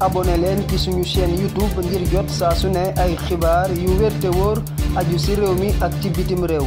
abone leen ci suñu chaîne YouTube ngir jot saa su ne ay xibaar yu wér woor wóor ci réew mi ak ci bitim réew